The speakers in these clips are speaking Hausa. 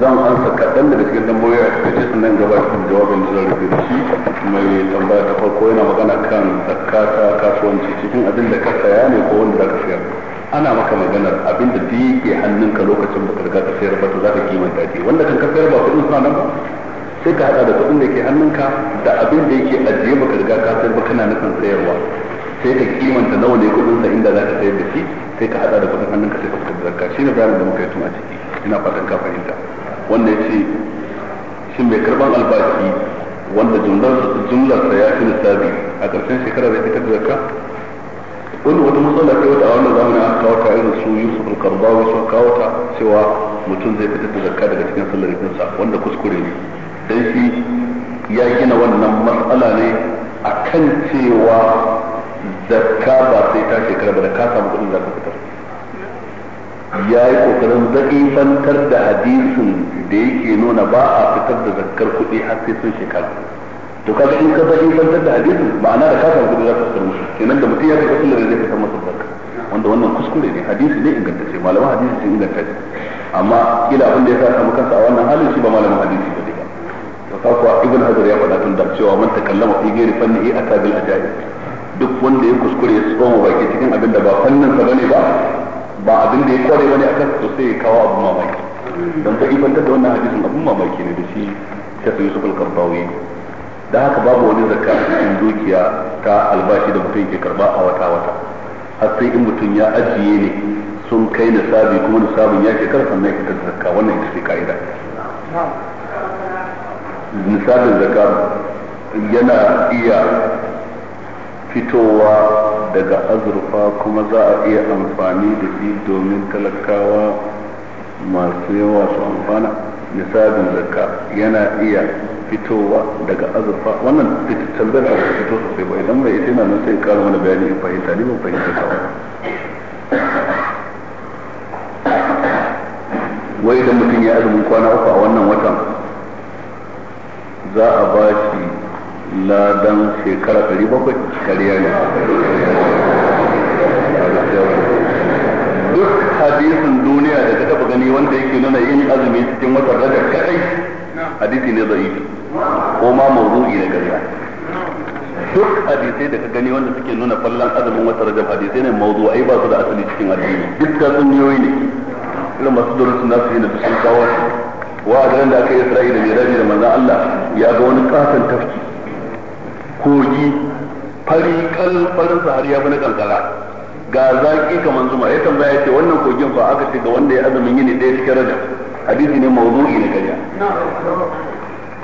zan ansa kaɗan daga cikin tambayoyi a cikin sannan gaba cikin jawabin da zan rufe da shi mai tambaya ta farko yana magana kan zakata kasuwanci cikin abin da ka saya ne ko wanda za ka sayar ana maka magana abin da ta yake hannunka lokacin baka riga ka sayar ba to za ka kimanta shi wanda kan ka sayar ba kuɗin sa nan sai ka haɗa da kuɗin da ke hannunka da abin da yake ajiye baka riga ka sayar ba kana nufin sayarwa sai ka kimanta nawa ne kuɗin sa inda za ka sayar da shi sai ka haɗa da kuɗin hannunka sai ka fitar da shi ne bayanin da muka yi tun a ciki ina fatan ka fahimta wanda ya ce shi mai karban albashi wanda jumlarsa ya fi nisabi a ƙarshen shekara zai fitar da wani wata matsala ke wata a wannan zamanin aka kawo ta irin su yusuf al-qardawi sun kawo ta cewa mutum zai fitar da zakka daga cikin sallar ibinsa wanda kuskure ne dan shi ya gina wannan matsala ne a kan cewa zakka ba sai ta shekara ba da ka samu kuɗin zaka fitar ya yi kokarin zaƙifantar da hadisin da yake nuna ba a fitar da zakkar kuɗi har sai sun shekara to kaga in ka bari bantar da hadisin ma'ana da kasar kuɗi za ka fitar musu kenan da mutum ya kai kasu da zai fitar masa zakka wanda wannan kuskure ne hadisi ne inganta ce malaman hadisi sun ce amma kila abin da ya sa samu kansa a wannan halin shi ba malamin hadisi ba ne ba to ka kuwa ibn hajar ya faɗa tun da cewa man takallama fi ghairi a akabil ajaib duk wanda ya kuskure ya tsoma baki cikin abin da ba fannin sa bane ba ba abin da ya kware bane akan to sai ya kawo abu mamaki dan sai ibanta da wannan hadisin abun mamaki ne da shi Shafi Yusuf al da haka babu wani zakka cikin dukiya ta albashi da mutum ke karba a wata wata har sai in mutum ya ajiye ne sun kai sabi kuma sabon ya shekara sannan ya fitar zakka wannan ita ce ka'ida misalin zakka yana iya fitowa daga azurfa kuma za a iya amfani da shi domin talakawa masu yawa su amfana nisabin zakka yana iya fitowa daga azurfa wannan tambayar da fito sosai ba idan bai ita nan sai ƙara mana bayani in fahimta ne ban fahimta ta ba wai da mutum ya azumin kwana uku a wannan watan za a ba shi ladan shekara 700 kariya ne duk hadisin duniya da ka taba gani wanda yake nuna yin azumi cikin watan rajab kadai hadisi ne yi ko ma mawdu'i na ƙarya duk hadisai da ka gani wanda suke nuna fallan azumin watan rajab hadisai ne mawdu'ai ba su da asali cikin addini dukkan sunniyoyi ne irin masu durusun nasu yi na su kawo wa a da aka yi isra'i da miraji da manzan Allah ya ga wani katon tafki kogi fari kalfarin har ya bi na kankara ga zaki kaman zuma ya tambaya ya ce wannan kogin fa aka ce ga wanda ya azumin yini ɗaya cikin rajab hadisi ne mawdu'i ne kariya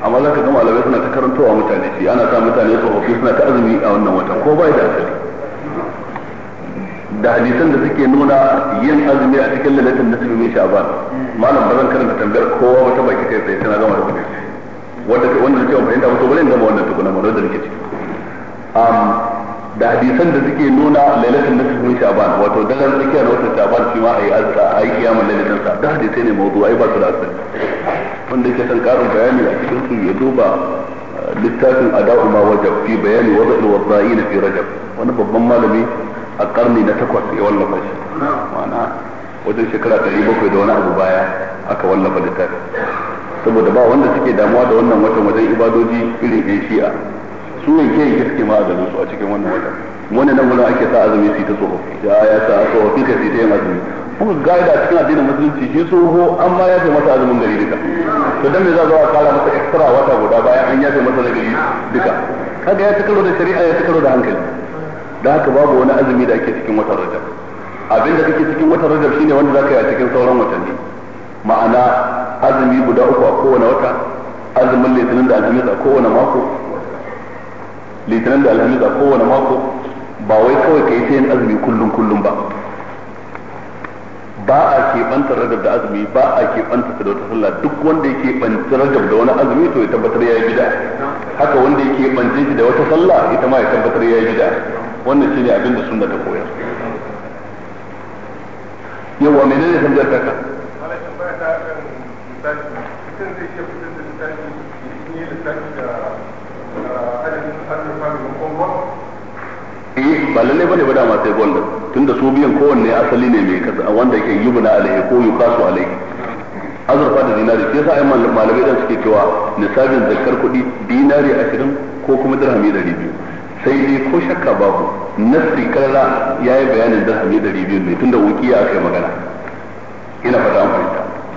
amma za ka ga malamai suna ta karantowa mutane shi ana sa mutane tsofaffi suna ta azumi a wannan watan ko bai da asali da hadisan da suke nuna yin azumi a cikin lalatin na sulmi sha'ban malam ba zan karanta tambayar kowa wata baki kai tsaye tana gama da kudi wanda wanda ke fahimta ba to in gama wannan tukuna ma da rikici. da hadisan da suke nuna lailatul nisfi min sha'ban wato daren tsakiyar watan sha'ban shi ma ayi alka ayi kiyamar lailatul sa da hadisai ne ai ba su da asali wanda yake san karin bayani a cikin su ya duba uh, littafin ada'u ma wajab fi bayani wada'il wadda'in fi rajab wani babban malami a karni na takwas ya wallafa shi ma'ana wajen shekara ɗari bakwai da wani abu baya aka wallafa littafin saboda ba wanda suke damuwa da wannan watan wajen ibadoji irin yan shi'a Sunan ke yake suke maganin su a cikin wannan wata wani nan wani ake sa azumi su ta tsoho ya ya sa tsoho fita su ta yin azumi kuma ga'ida cikin addinin musulunci shi tsoho an ma yafe masa azumin gari duka to dan me za zo a kara masa extra wata guda bayan an yafe masa gari duka kaga ya tukaro da shari'a ya tukaro da hankali dan haka babu wani azumi da ake cikin watan rajab abin da kake cikin watan rajab shine wanda zaka yi a cikin sauran watanni ma'ana azumi guda uku a kowane wata azumin litinin da azumin a kowane mako litinin da alhamis a kowane mako ba wai kawai ka yi ta yin azumi kullum kullum ba ba a keɓantar rajab da azumi ba a keɓantar da wata sallah duk wanda ya keɓanci rajab da wani azumi to ya tabbatar ya yi bida haka wanda ya keɓanci shi da wata sallah ita ma ya tabbatar ya yi bida wannan shine abin da sunna ta koyar yawa menene tambayar ta ka eh ba lalle bane ba dama sai gold tunda su biyan kowanne asali ne mai kasa wanda yake yubna alaihi ko yukasu alaihi azurfa da dinari sai sa malamai dan suke cewa nisabin zakar kuɗi dinari ashirin ko kuma dirhami ɗari biyu sai dai ko shakka babu nasri karra ya yi bayanin dirhami ɗari biyu ne tunda wukiya aka yi magana ina fata an fahimta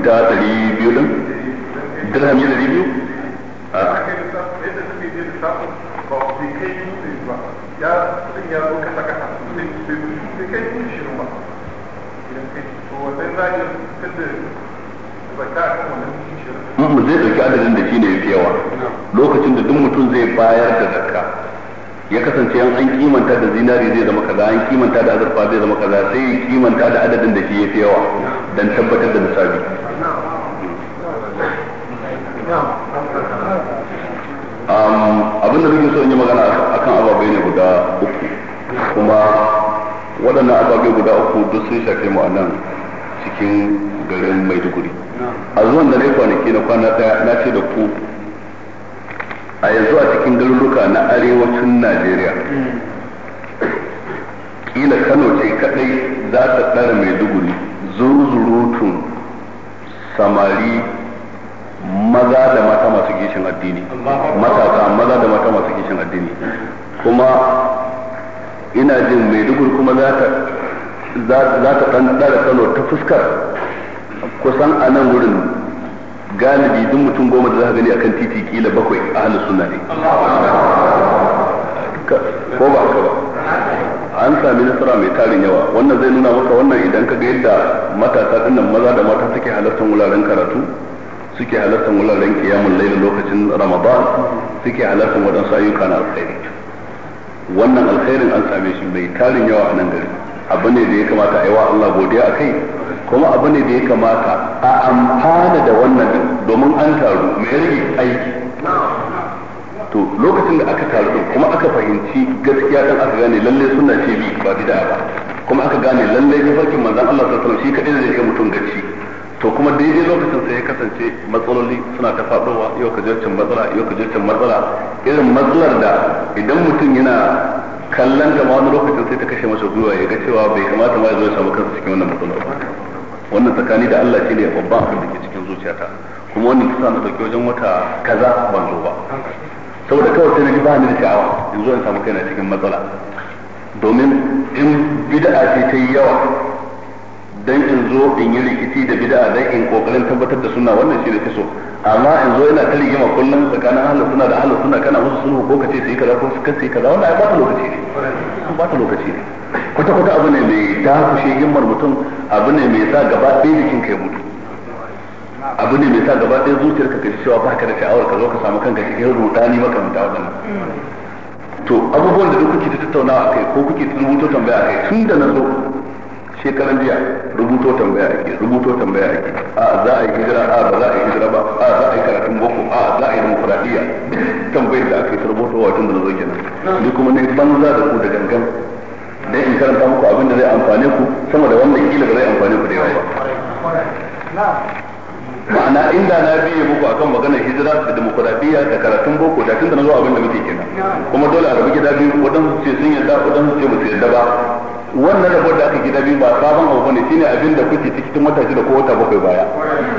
ita ɗari biyu ɗin dirham yi ɗari biyu ah. mm, zai ɗauki adadin da shi ne fi yawa lokacin da duk mutum zai bayar da zakka ya kasance yan an kimanta da zinari zai zama kaza an kimanta da azurfa zai zama kaza sai kimanta da adadin da shi yafi yawa don tabbatar da misali abinda nake so in yi magana akan ababai ne guda uku kuma waɗannan ababai guda uku duk sun shafe mu a nan cikin garin maiduguri a zuwan da na kwanaki na kwana ɗaya na ce da ku a yanzu a cikin garuruka na arewacin najeriya kila kano ce kadai za ta ɗara maiduguri zurutun samari maza da mata masu gishin addini matasa maza da mata masu gishin addini kuma ina jin maiduguri kuma za ta ta dan dara kano ta fuskar kusan a nan wurin galibi duk mutum goma da za ka gani akan titi kila bakwai a halin suna ne ko ba ka ba an sami nasara mai tarin yawa wannan zai nuna maka wannan idan ka ga yadda matasa dinnan maza da mata suke halartar wuraren karatu suke halartar wuraren kiyamun laila lokacin ramadan suke halartar waɗansu ayyuka na alkhairi wannan alkhairin an same shi mai tarin yawa a nan gari abu ne da ya kamata a yi wa Allah godiya a kai kuma abu ne da ya kamata a amfana da wannan domin an taru mai rage aiki to lokacin da aka taru kuma aka fahimci gaskiya dan aka gane lalle suna ce bi ba bid'a ba kuma aka gane lalle farkin manzon Allah sallallahu alaihi wasallam shi kadai zai kai mutum gaci to kuma daidai lokacin sai ya kasance matsaloli suna ta faɗowa yau ka jircin matsala yau ka jircin matsala irin matsalar da idan mutum yana kallon gama wani lokacin sai ta kashe masa gwiwa ya ga cewa bai kamata ma ya zo ya samu kansa cikin wannan matsalar ba wannan tsakani da Allah shi ne babban abin da ke cikin zuciyata kuma wannan kisa na dauke wajen wata kaza ban zo ba saboda kawai sai na ji ba ni da sha'awa in zo in samu kaina cikin matsala domin in bid'a ce ta yi yawa dan in zo in yi rikici da bid'a dan in kokarin tabbatar da sunna wannan shi da kaso amma in zo yana ta rigima kullum tsakanin ahlus sunna da ahlus sunna kana musu sunu ko kace sai kaza ko kace kaza wannan ai ba ta lokaci ne ba ta lokaci ne kwata kwata abu ne mai dakushe himmar mutum abu ne mai sa gaba ɗaya jikin kai mutu abu ne mai sa gaba ɗaya zuciyar ka ji cewa ba ka da sha'awar ka zo ka samu kanka cikin rudani makamta wadannan to abubuwan da duk kuke ta tattaunawa kai ko kuke ta tambaya kai tun da na zo shekaran jiya rubuto tambaya ake rubuto tambaya ake a za a yi hijira a ba za a yi hijira ba a za a yi karatun boko a za a yi demokradiyya tambayar da aka yi tarboto wa tun da zo kenan ni kuma ne banza da ku da gangan dan in karanta muku abin da zai amfane ku sama da wannan kila ba zai amfane ku da yawa ba ma'ana inda na biye muku akan maganar hijira da demokradiyya da karatun boko da da na zo abin da muke kenan kuma dole a rabu gida biyu wadansu ce sun yarda wadansu ce su yarda ba wannan rabon da aka gida biyu ba sabon abu bane shine abin da kuke cikin wata shida ko wata bakwai baya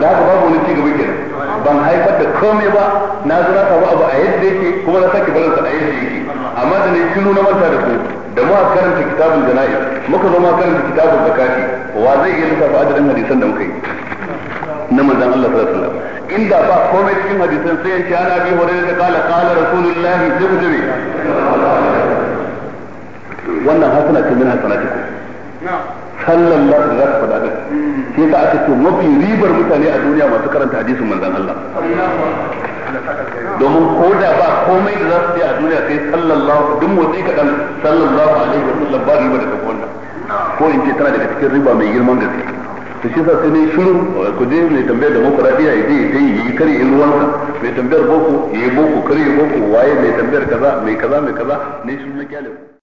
da haka babu wani ci gaba kenan ban haifar da komai ba na zo na samu abu a yadda yake kuma na sake barin sa a yadda yake amma da ne shiru na manta da ku da muka karanta kitabun jana'i muka zo muka karanta kitabun zakati wa zai iya lissafa adadin hadisan da muka yi na manzon Allah sallallahu alaihi wasallam inda ba komai cikin hadisan sai ya ce ana bi hore da kala kala rasulullahi sai ku wannan hasana ce min hasanatiku sallallahu alaihi za ka faɗa din sai ka aka ce mafi ribar mutane a duniya masu karanta hadisin manzon Allah domin ko da ba komai da za su a duniya sai sallallahu duk motsi kaɗan sallallahu alaihi wa sallam ba riba da ta wannan ko in ce tana daga cikin riba mai girman gaske to shi sa sai ne shirin ku je mai tambayar demokradiya ya je ya yi yi kare in ruwansa mai tambayar boko ya yi boko kare boko waye mai tambayar kaza mai kaza mai kaza ne shiru na kyale